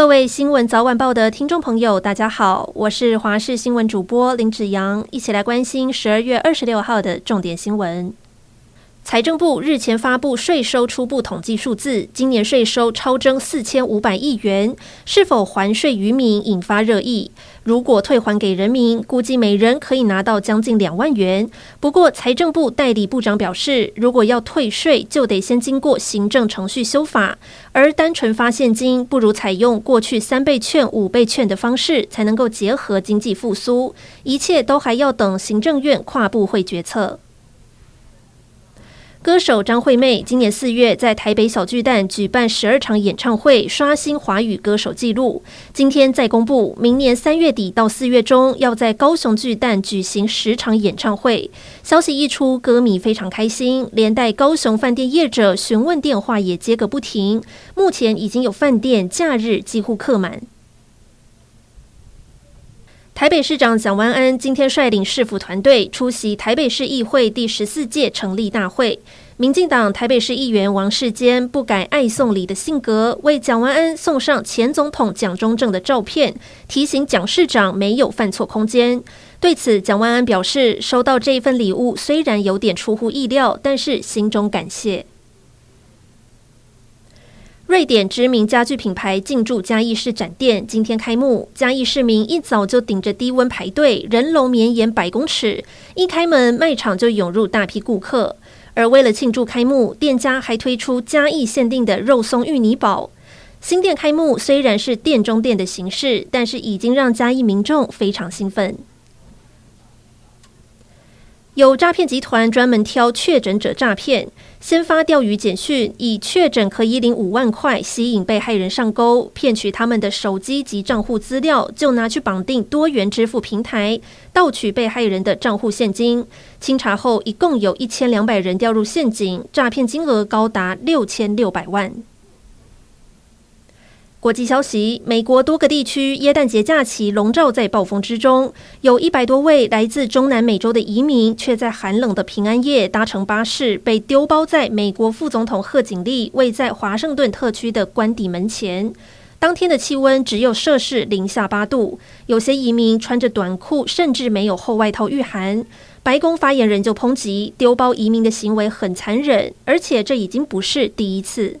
各位新聞早晚報的聽眾朋友，大家好，我是華視新聞主播林子揚，一起來關心十二月二十六號的重點新聞。財政部日前發布稅收初步統計數字，今年稅收超徵四千五百億元，是否還稅於民引發熱議。如果退還給人民，估計每人可以拿到將近兩萬元。不過，財政部代理部長表示，如果要退稅，就得先經過行政程序修法，而單純發現金，不如採用過去三倍券、五倍券的方式，才能夠結合經濟復甦。一切都還要等行政院跨部會決策。歌手張惠妹今年四月在台北小巨蛋舉辦十二場演唱會，刷新華語歌手紀錄。今天再公布，明年三月底到四月中要在高雄巨蛋舉行十場演唱會。消息一出，歌迷非常開心，連帶高雄飯店業者詢問電話也接個不停。目前已經有飯店假日幾乎客滿。台北市長蔣萬安今天率領市府團隊出席台北市議會第十四屆成立大會，民進黨台北市議員王世堅不改愛送禮的性格，為蔣萬安送上前總統蔣中正的照片，提醒蔣市長沒有犯錯空間。對此，蔣萬安表示，收到這份禮物雖然有點出乎意料，但是心中感謝。瑞典知名家具品牌進駐嘉義市展店，今天開幕。嘉義市民一早就頂着低溫排隊，人龍綿延百公尺。一開門，賣場就湧入大批顧客。而為了慶祝開幕，店家還推出嘉義限定的肉鬆芋泥堡。新店開幕雖然是店中店的形式，但是已經讓嘉義民眾非常興奮。有詐騙集團專門挑確診者詐騙，先發釣魚簡訊，以確診可以領五萬塊吸引被害人上鈎，騙取他們的手機及賬戶資料，就拿去綁定多元支付平台，盜取被害人的賬戶現金。清查後，一共有一千兩百人掉入陷阱，詐騙金額高達六千六百萬。國際消息：美國多個地區耶誕節假期籠罩在暴風之中，有一百多位來自中南美洲的移民卻在寒冷的平安夜搭乘巴士，被丟包在美國副總統賀錦麗位在華盛頓特區的官邸門前。當天的氣溫只有攝氏零下八度，有些移民穿着短褲，甚至沒有厚外套禦寒。白宮發言人就抨擊丟包移民的行為很殘忍，而且這已經不是第一次。